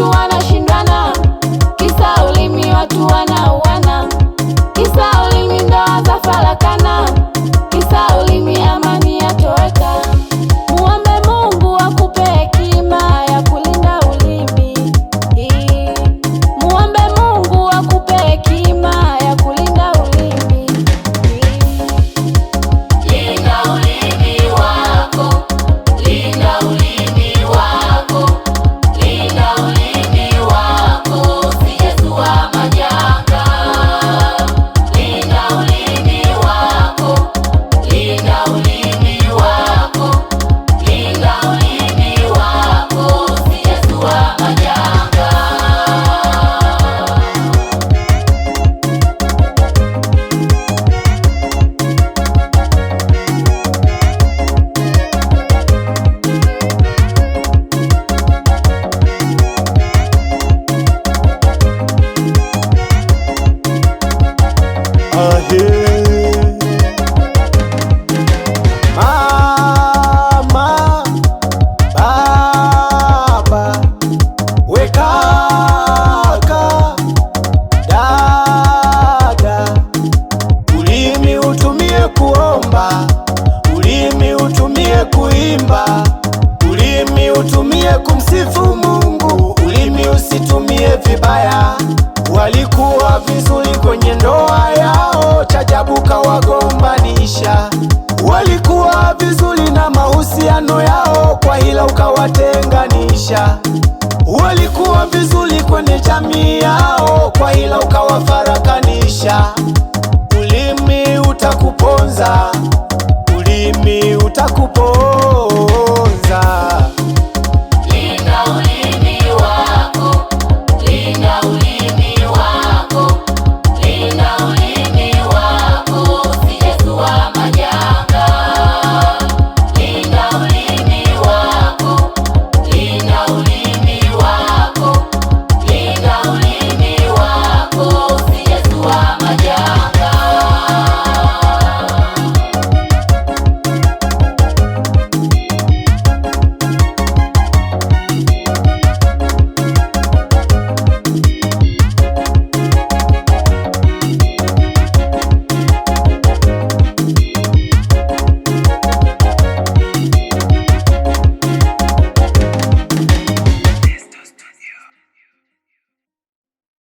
wanna sababu kawagombanisha. Walikuwa vizuri na mahusiano yao, kwa hila ukawatenganisha. Walikuwa vizuri kwenye jamii yao kwa